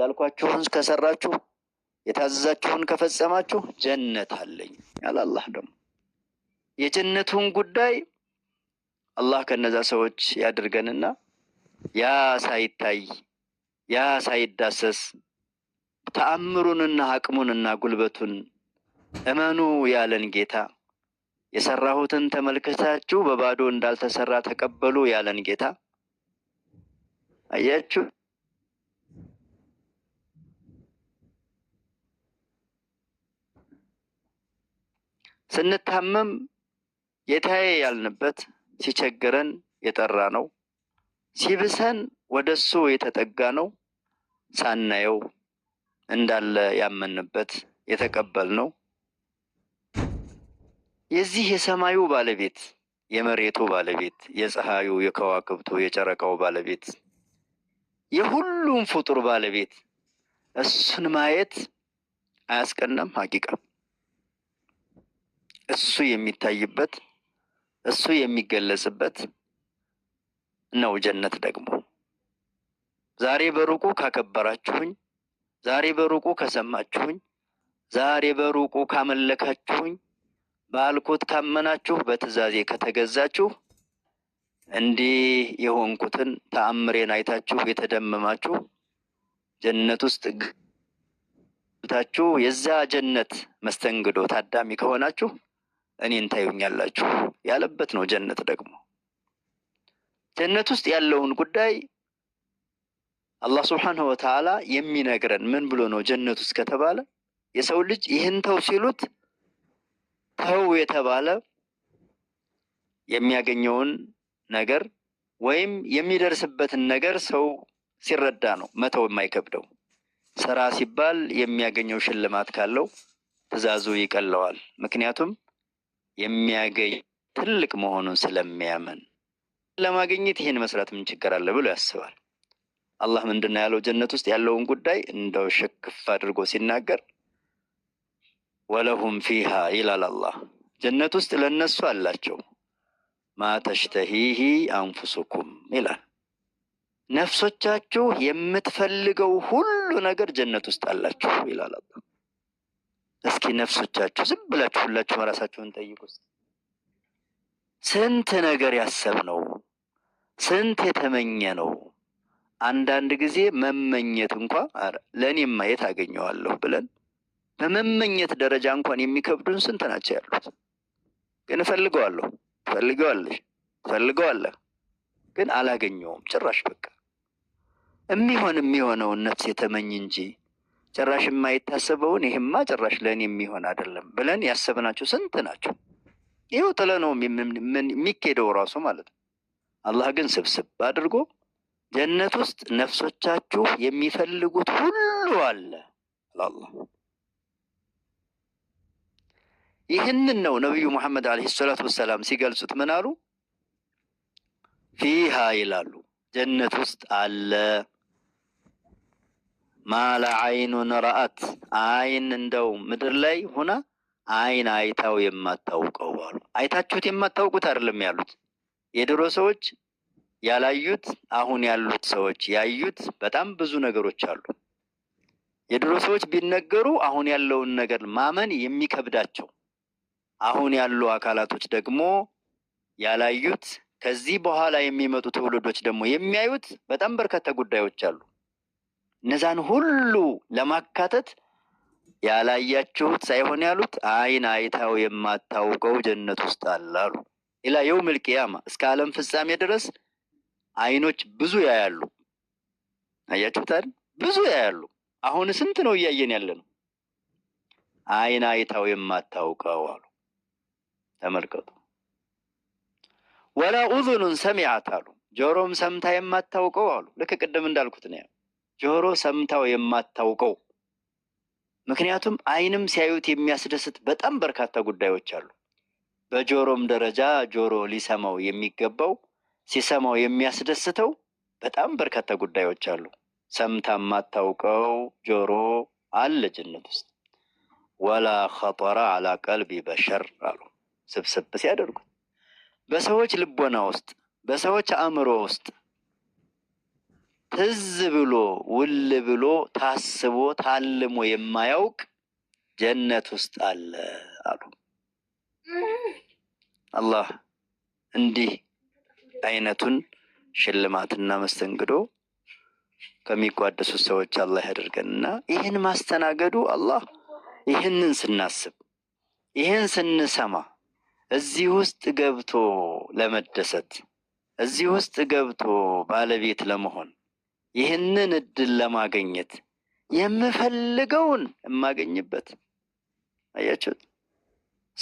ያልኳችሁን ከሰራችሁ የታዘዛችሁን ከፈጸማችሁ ጀነት አለኝ ያለ አላህ ደግሞ የጀነቱን ጉዳይ አላህ ከነዛ ሰዎች ያድርገንና ያ ሳይታይ ያ ሳይዳሰስ ተአምሩንና አቅሙንና ጉልበቱን እመኑ ያለን ጌታ የሰራሁትን ተመልክታችሁ በባዶ እንዳልተሰራ ተቀበሉ ያለን ጌታ አያችሁ። ስንታመም ጌታዬ ያልንበት ሲቸግረን የጠራ ነው። ሲብሰን ወደሱ የተጠጋ ነው። ሳናየው እንዳለ ያመንበት የተቀበል ነው። የዚህ የሰማዩ ባለቤት የመሬቱ ባለቤት የፀሐዩ፣ የከዋክብቱ፣ የጨረቃው ባለቤት የሁሉም ፍጡር ባለቤት እሱን ማየት አያስቀናም ሀቂቃ እሱ የሚታይበት እሱ የሚገለጽበት ነው። ጀነት ደግሞ ዛሬ በሩቁ ካከበራችሁኝ፣ ዛሬ በሩቁ ከሰማችሁኝ፣ ዛሬ በሩቁ ካመለካችሁኝ፣ ባልኩት ካመናችሁ፣ በትዛዜ ከተገዛችሁ እንዲህ የሆንኩትን ተአምሬን አይታችሁ የተደመማችሁ ጀነት ውስጥ ታችሁ የዛ ጀነት መስተንግዶ ታዳሚ ከሆናችሁ እኔን ታዩኛላችሁ ያለበት ነው። ጀነት ደግሞ ጀነት ውስጥ ያለውን ጉዳይ አላህ ስብሓንሁ ወተዓላ የሚነግረን ምን ብሎ ነው? ጀነት ውስጥ ከተባለ የሰው ልጅ ይህን ተው ሲሉት ተው የተባለ የሚያገኘውን ነገር ወይም የሚደርስበትን ነገር ሰው ሲረዳ ነው መተው የማይከብደው። ስራ ሲባል የሚያገኘው ሽልማት ካለው ትዕዛዙ ይቀለዋል። ምክንያቱም የሚያገኝ ትልቅ መሆኑን ስለሚያምን ለማግኘት ይህን መስራት ምን ችግር አለ ብሎ ያስባል። አላህ ምንድን ነው ያለው? ጀነት ውስጥ ያለውን ጉዳይ እንደው ሽክፍ አድርጎ ሲናገር ወለሁም ፊሃ ይላል አላህ። ጀነት ውስጥ ለነሱ አላቸው ማተሽተሂሂ አንፉሱኩም ይላል። ነፍሶቻችሁ የምትፈልገው ሁሉ ነገር ጀነት ውስጥ አላችሁ ይላል አላህ። እስኪ ነፍሶቻችሁ ዝም ብላችሁ ሁላችሁ ራሳችሁን ጠይቁ። ስንት ነገር ያሰብ ነው? ስንት የተመኘ ነው። አንዳንድ ጊዜ መመኘት እንኳ ለእኔም ማየት አገኘዋለሁ ብለን በመመኘት ደረጃ እንኳን የሚከብዱን ስንት ናቸው ያሉት። ግን እፈልገዋለሁ፣ ትፈልገዋለሽ፣ ትፈልገዋለህ ግን አላገኘውም ጭራሽ በቃ የሚሆን የሚሆነውን ነፍስ የተመኝ እንጂ ጭራሽ የማይታሰበውን ይህማ ጭራሽ ለእኔ የሚሆን አይደለም ብለን ያሰብናቸው ስንት ናቸው። ይኸው ጥለ ነው የሚኬደው ራሱ ማለት ነው። አላህ ግን ስብስብ አድርጎ ጀነት ውስጥ ነፍሶቻችሁ የሚፈልጉት ሁሉ አለ። ይህንን ነው ነቢዩ ሙሐመድ ዓለይሂ ሰላቱ ወሰላም ሲገልጹት ምን አሉ? ፊሃ ይላሉ ጀነት ውስጥ አለ ማለ አይኑን ረአት አይን እንደው ምድር ላይ ሆነ አይን አይታው የማታውቀው አሉ። አይታችሁት የማታውቁት አይደለም ያሉት የድሮ ሰዎች ያላዩት አሁን ያሉት ሰዎች ያዩት በጣም ብዙ ነገሮች አሉ። የድሮ ሰዎች ቢነገሩ አሁን ያለውን ነገር ማመን የሚከብዳቸው፣ አሁን ያሉ አካላቶች ደግሞ ያላዩት ከዚህ በኋላ የሚመጡ ትውልዶች ደግሞ የሚያዩት በጣም በርካታ ጉዳዮች አሉ። እነዛን ሁሉ ለማካተት ያላያችሁት ሳይሆን ያሉት አይን አይታው የማታውቀው ጀነት ውስጥ አለ አሉ። ኢላ የውመል እስከ ዓለም ፍጻሜ ድረስ አይኖች ብዙ ያያሉ። አያችሁታል? ብዙ ያያሉ። አሁን ስንት ነው እያየን ያለ ነው። አይን አይታው የማታውቀው አሉ። ተመልከቱ። ወላ ኡዙኑን ሰሚዓት አሉ። ጆሮም ሰምታ የማታውቀው አሉ። ልክ ቅድም እንዳልኩት ነው። ጆሮ ሰምታው የማታውቀው ምክንያቱም አይንም ሲያዩት የሚያስደስት በጣም በርካታ ጉዳዮች አሉ። በጆሮም ደረጃ ጆሮ ሊሰማው የሚገባው ሲሰማው የሚያስደስተው በጣም በርካታ ጉዳዮች አሉ። ሰምታ የማታውቀው ጆሮ አለ ጀነት ውስጥ። ወላ ኸጠረ አላ ቀልቢ በሸር አሉ ስብስብ ሲያደርጉት በሰዎች ልቦና ውስጥ በሰዎች አእምሮ ውስጥ ትዝ ብሎ ውል ብሎ ታስቦ ታልሞ የማያውቅ ጀነት ውስጥ አለ አሉ። አላህ እንዲህ አይነቱን ሽልማትና መስተንግዶ ከሚቋደሱት ሰዎች አላህ ያደርገንና ይህን ማስተናገዱ አላህ ይህንን ስናስብ ይህን ስንሰማ እዚህ ውስጥ ገብቶ ለመደሰት እዚህ ውስጥ ገብቶ ባለቤት ለመሆን ይህንን እድል ለማገኘት የምፈልገውን የማገኝበት አያችሁት።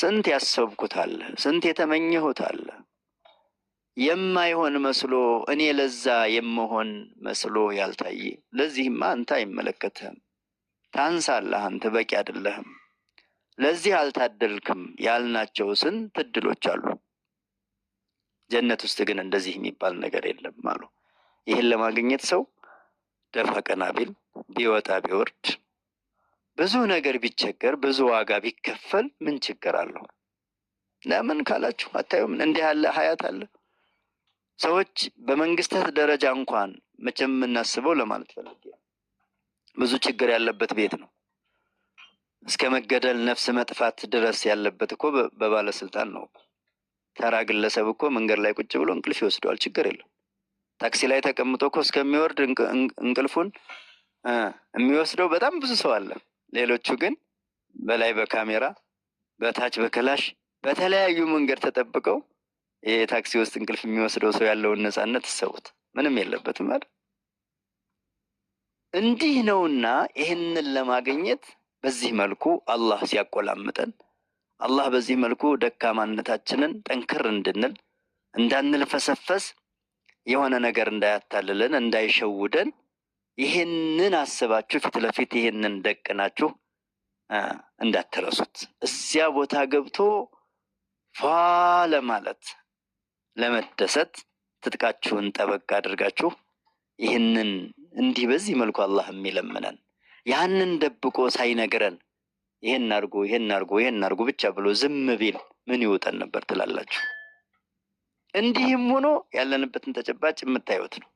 ስንት ያሰብኩት አለ፣ ስንት የተመኘሁት አለ። የማይሆን መስሎ እኔ ለዛ የመሆን መስሎ ያልታየ፣ ለዚህማ አንተ አይመለከትህም፣ ታንሳለህ፣ አንተ በቂ አይደለህም፣ ለዚህ አልታደልክም ያልናቸው ስንት እድሎች አሉ። ጀነት ውስጥ ግን እንደዚህ የሚባል ነገር የለም አሉ። ይህን ለማግኘት ሰው ደፋ ቀና ቢል ቢወጣ ቢወርድ ብዙ ነገር ቢቸገር ብዙ ዋጋ ቢከፈል ምን ችግር አለው? ለምን ካላችሁ አታዩም? እንዲህ ያለ ሀያት አለ። ሰዎች በመንግስታት ደረጃ እንኳን መቼም የምናስበው ለማለት ፈልጌ ብዙ ችግር ያለበት ቤት ነው። እስከ መገደል ነፍስ መጥፋት ድረስ ያለበት እኮ በባለስልጣን ነው። ተራ ግለሰብ እኮ መንገድ ላይ ቁጭ ብሎ እንቅልፍ ይወስደዋል። ችግር የለም። ታክሲ ላይ ተቀምጦ እኮ እስከሚወርድ እንቅልፉን የሚወስደው በጣም ብዙ ሰው አለ። ሌሎቹ ግን በላይ በካሜራ በታች በክላሽ በተለያዩ መንገድ ተጠብቀው የታክሲ ውስጥ እንቅልፍ የሚወስደው ሰው ያለውን ነፃነት እሰቡት። ምንም የለበትም አይደል? እንዲህ ነውና ይህንን ለማግኘት በዚህ መልኩ አላህ ሲያቆላምጠን አላህ በዚህ መልኩ ደካማነታችንን ጠንክር እንድንል እንዳንልፈሰፈስ የሆነ ነገር እንዳያታልለን እንዳይሸውደን ይህንን አስባችሁ ፊት ለፊት ይህንን ደቅናችሁ እንዳትረሱት። እዚያ ቦታ ገብቶ ፏ ለማለት ለመደሰት ትጥቃችሁን ጠበቅ አድርጋችሁ ይህንን እንዲህ በዚህ መልኩ አላህ የሚለምነን ያንን ደብቆ ሳይነግረን ይሄን አድርጉ ይህን አድርጉ ይህን አድርጉ ብቻ ብሎ ዝም ቢል ምን ይወጠን ነበር ትላላችሁ? እንዲህም ሆኖ ያለንበትን ተጨባጭ የምታዩት ነው።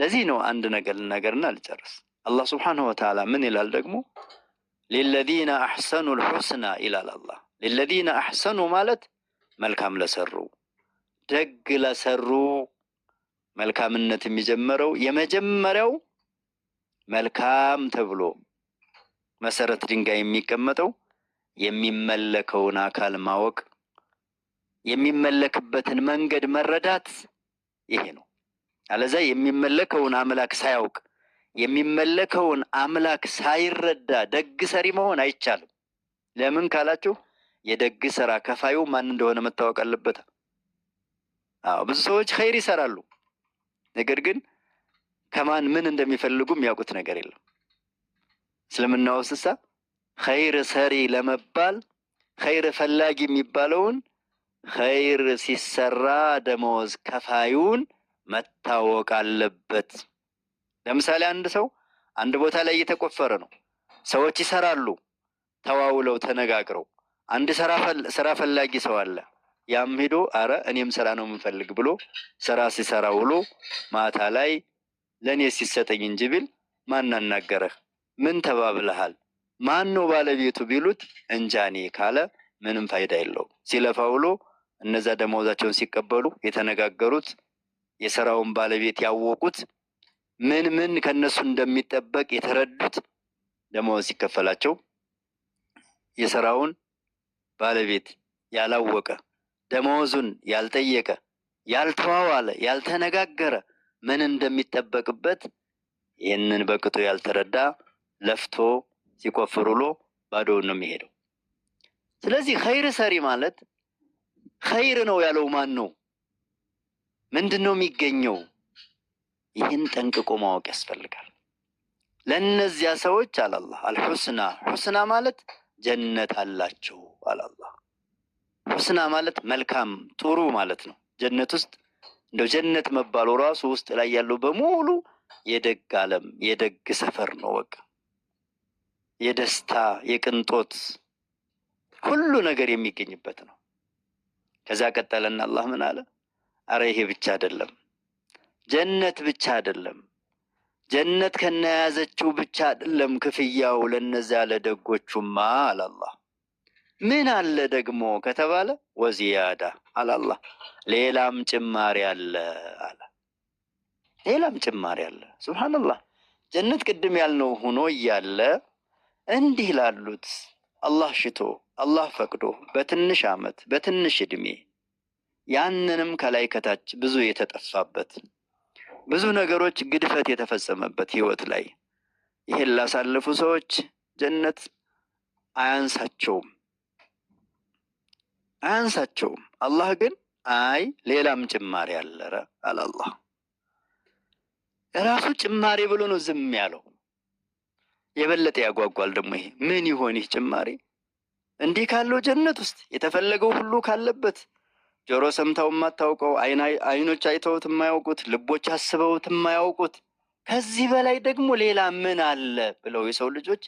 ለዚህ ነው አንድ ነገር ልናገርና ልጨርስ። አላህ ስብሓንሁ ወተዓላ ምን ይላል ደግሞ? ሊለዚነ አሕሰኑ ልሑስና ይላል አላህ። ሊለዚነ አሕሰኑ ማለት መልካም ለሰሩ ደግ ለሰሩ መልካምነት የሚጀመረው የመጀመሪያው መልካም ተብሎ መሰረት ድንጋይ የሚቀመጠው የሚመለከውን አካል ማወቅ የሚመለክበትን መንገድ መረዳት ይሄ ነው። አለዛ የሚመለከውን አምላክ ሳያውቅ የሚመለከውን አምላክ ሳይረዳ ደግ ሰሪ መሆን አይቻልም። ለምን ካላችሁ የደግ ስራ ከፋዩ ማን እንደሆነ መታወቅ አለበት። አዎ ብዙ ሰዎች ኸይር ይሰራሉ፣ ነገር ግን ከማን ምን እንደሚፈልጉ የሚያውቁት ነገር የለም። እስልምና ውስጥ ኸይር ሰሪ ለመባል ኸይር ፈላጊ የሚባለውን ኸይር ሲሰራ ደመወዝ ከፋዩን መታወቅ አለበት። ለምሳሌ አንድ ሰው አንድ ቦታ ላይ እየተቆፈረ ነው። ሰዎች ይሰራሉ፣ ተዋውለው ተነጋግረው። አንድ ስራ ፈላጊ ሰው አለ። ያም ሂዶ አረ እኔም ስራ ነው የምንፈልግ ብሎ ስራ ሲሰራ ውሎ ማታ ላይ ለእኔ ሲሰጠኝ እንጂ ቢል ማን አናገረህ? ምን ተባብለሃል? ማን ነው ባለቤቱ ቢሉት እንጃኔ ካለ ምንም ፋይዳ የለውም። ሲለፋ ውሎ እነዛ ደመወዛቸውን ሲቀበሉ የተነጋገሩት የስራውን ባለቤት ያወቁት ምን ምን ከነሱ እንደሚጠበቅ የተረዱት ደመወዝ ሲከፈላቸው የስራውን ባለቤት ያላወቀ ደመወዙን ያልጠየቀ ያልተዋዋለ ያልተነጋገረ ምን እንደሚጠበቅበት ይህንን በቅጡ ያልተረዳ ለፍቶ ሲቆፍር ውሎ ባዶውን ነው የሚሄደው። ስለዚህ ኸይር ሰሪ ማለት ኸይር ነው ያለው ማን ነው? ምንድን ነው የሚገኘው? ይህን ጠንቅቆ ማወቅ ያስፈልጋል። ለእነዚያ ሰዎች አላላህ አልሑስና ሑስና ማለት ጀነት አላቸው አላላህ። ሑስና ማለት መልካም ጥሩ ማለት ነው። ጀነት ውስጥ እንደው ጀነት መባሉ ራሱ ውስጥ ላይ ያለው በሙሉ የደግ ዓለም የደግ ሰፈር ነው። በቃ የደስታ የቅንጦት ሁሉ ነገር የሚገኝበት ነው። ከዛ ቀጠለና አላህ ምን አለ? አረ ይሄ ብቻ አይደለም፣ ጀነት ብቻ አይደለም፣ ጀነት ከነያዘችው ብቻ አይደለም ክፍያው ለነዚያ ለደጎቹማ አለ አላህ። ምን አለ ደግሞ ከተባለ ወዚያዳ አለ አላህ፣ ሌላም ጭማሪ አለ አለ፣ ሌላም ጭማሪ አለ። ሱብሃነላህ ጀነት ቅድም ያልነው ሆኖ እያለ እንዲህ ላሉት አላህ ሽቶ አላህ ፈቅዶ በትንሽ ዓመት በትንሽ እድሜ ያንንም ከላይ ከታች ብዙ የተጠፋበት ብዙ ነገሮች ግድፈት የተፈጸመበት ህይወት ላይ ይሄን ላሳለፉ ሰዎች ጀነት አያንሳቸውም አያንሳቸውም። አላህ ግን አይ ሌላም ጭማሪ አለረ አላላህ እራሱ ጭማሪ ብሎ ነው ዝም ያለው። የበለጠ ያጓጓል ደግሞ ይሄ ምን ይሆን ይህ ጭማሬ? እንዲህ ካለው ጀነት ውስጥ የተፈለገው ሁሉ ካለበት ጆሮ ሰምተው የማታውቀው አይኖች አይተውት የማያውቁት ልቦች አስበውት የማያውቁት ከዚህ በላይ ደግሞ ሌላ ምን አለ ብለው የሰው ልጆች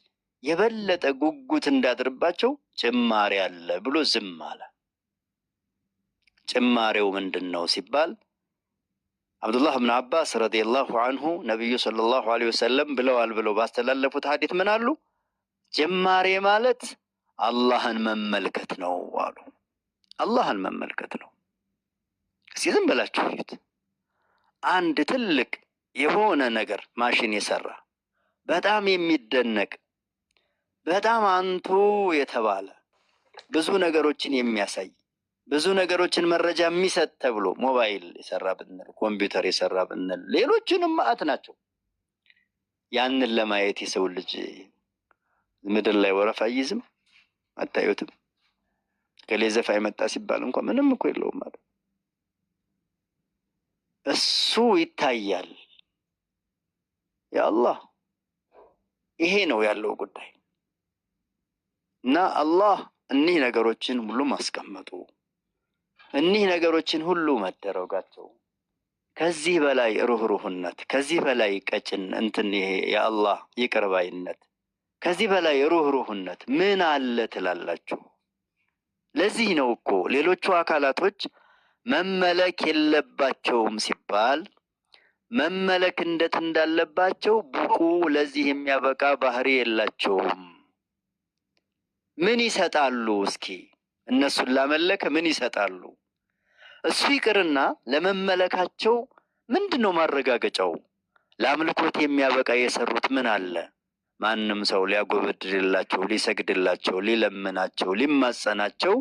የበለጠ ጉጉት እንዳድርባቸው ጭማሪ አለ ብሎ ዝም አለ። ጭማሬው ምንድን ነው ሲባል አብዱላህ ብን አባስ ረዲየላሁ አንሁ ነቢዩ ሰለላሁ ዐለይሂ ወሰለም ብለዋል ብለው ባስተላለፉት ሀዲት ምን አሉ? ጭማሬ ማለት አላህን መመልከት ነው አሉ። አላህን መመልከት ነው። እስኪ ዝም ብላችሁ ፊት አንድ ትልቅ የሆነ ነገር ማሽን የሰራ በጣም የሚደነቅ በጣም አንቱ የተባለ ብዙ ነገሮችን የሚያሳይ ብዙ ነገሮችን መረጃ የሚሰጥ ተብሎ ሞባይል የሰራ ብንል ኮምፒውተር የሰራ ብንል ሌሎችንም ማዕት ናቸው። ያንን ለማየት የሰው ልጅ ምድር ላይ ወረፋ ይዝም አታዩትም። ገሌ ዘፋኝ መጣ ሲባል እንኳ ምንም እኮ የለውም ማለት እሱ ይታያል። የአላህ ይሄ ነው ያለው ጉዳይ እና አላህ እኒህ ነገሮችን ሁሉ ማስቀመጡ እኒህ ነገሮችን ሁሉ መደረጋቸው ከዚህ በላይ ሩህሩህነት ከዚህ በላይ ቀጭን እንትን ይሄ የአላህ ይቅርባይነት ከዚህ በላይ ሩህሩህነት ምን አለ ትላላችሁ? ለዚህ ነው እኮ ሌሎቹ አካላቶች መመለክ የለባቸውም ሲባል መመለክ እንደት እንዳለባቸው ብቁ ለዚህ የሚያበቃ ባህሪ የላቸውም። ምን ይሰጣሉ? እስኪ እነሱን ላመለከ ምን ይሰጣሉ? እሱ ይቅርና ለመመለካቸው ምንድን ነው ማረጋገጫው? ለአምልኮት የሚያበቃ የሰሩት ምን አለ? ማንም ሰው ሊያጎበድድላቸው፣ ሊሰግድላቸው፣ ሊለምናቸው፣ ሊማጸናቸው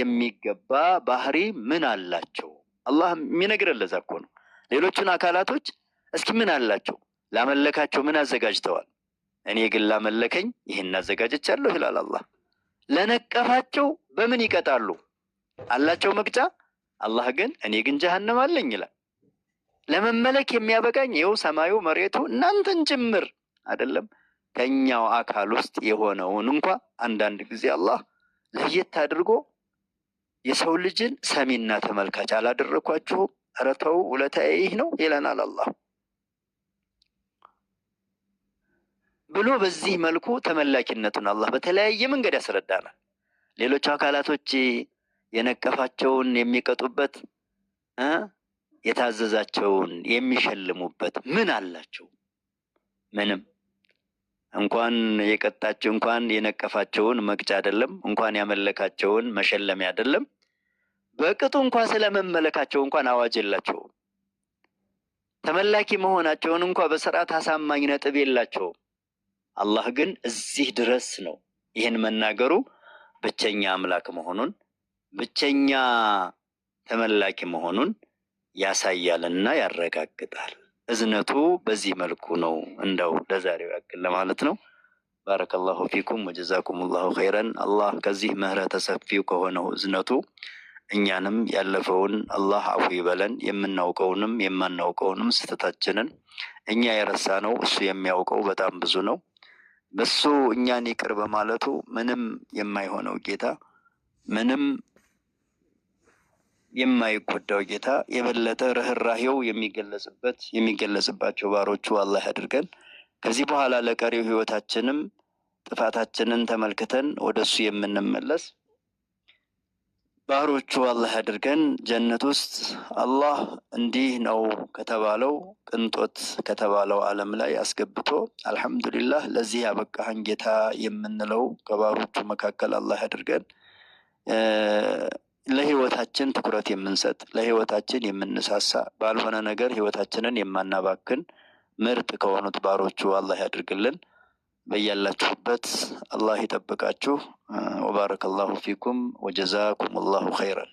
የሚገባ ባህሪ ምን አላቸው? አላህ የሚነግረን ለዛ እኮ ነው። ሌሎችን አካላቶች እስኪ ምን አላቸው? ላመለካቸው ምን አዘጋጅተዋል? እኔ ግን ላመለከኝ ይህን አዘጋጀቻለሁ ይላል አላህ። ለነቀፋቸው በምን ይቀጣሉ? አላቸው መቅጫ። አላህ ግን እኔ ግን ጀሀነም አለኝ ይላል። ለመመለክ የሚያበቃኝ ይኸው ሰማዩ መሬቱ እናንተን ጭምር አይደለም ከኛው አካል ውስጥ የሆነውን እንኳ አንዳንድ ጊዜ አላህ ለየት አድርጎ የሰው ልጅን ሰሚና ተመልካች አላደረኳችሁም? ኧረ ተው ውለታዬ ይህ ነው ይለናል አላህ ብሎ በዚህ መልኩ ተመላኪነቱን አላህ በተለያየ መንገድ ያስረዳናል። ሌሎች አካላቶች የነቀፋቸውን የሚቀጡበት የታዘዛቸውን የሚሸልሙበት ምን አላቸው? ምንም እንኳን የቀጣቸው እንኳን የነቀፋቸውን መቅጫ አይደለም፣ እንኳን ያመለካቸውን መሸለሚያ አይደለም። በቅጡ እንኳ ስለመመለካቸው እንኳን አዋጅ የላቸውም። ተመላኪ መሆናቸውን እንኳ በስርዓት አሳማኝ ነጥብ የላቸውም። አላህ ግን እዚህ ድረስ ነው ይህን መናገሩ ብቸኛ አምላክ መሆኑን ብቸኛ ተመላኪ መሆኑን ያሳያልና ያረጋግጣል። እዝነቱ በዚህ መልኩ ነው። እንደው ለዛሬው ያክል ለማለት ነው። ባረከላሁ ፊኩም ወጀዛኩም ላሁ ኸይረን። አላህ ከዚህ ምህረተ ሰፊው ከሆነው እዝነቱ እኛንም ያለፈውን አላህ አፉ ይበለን፣ የምናውቀውንም የማናውቀውንም ስህተታችንን እኛ የረሳነው እሱ የሚያውቀው በጣም ብዙ ነው። በሱ እኛን ይቅር በማለቱ ምንም የማይሆነው ጌታ ምንም የማይጎዳው ጌታ የበለጠ ርኅራሄው የሚገለጽበት የሚገለጽባቸው ባሮቹ አላህ አድርገን። ከዚህ በኋላ ለቀሪው ህይወታችንም ጥፋታችንን ተመልክተን ወደ እሱ የምንመለስ ባህሮቹ አላህ አድርገን። ጀነት ውስጥ አላህ እንዲህ ነው ከተባለው ቅንጦት ከተባለው ዓለም ላይ አስገብቶ አልሐምዱሊላህ ለዚህ ያበቃህን ጌታ የምንለው ከባህሮቹ መካከል አላህ አድርገን። ለህይወታችን ትኩረት የምንሰጥ ለህይወታችን የምንሳሳ ባልሆነ ነገር ህይወታችንን የማናባክን ምርጥ ከሆኑት ባሮቹ አላህ ያድርግልን። በያላችሁበት አላህ ይጠብቃችሁ። ወባረከ አላሁ ፊኩም ወጀዛኩም አላሁ ኸይረን።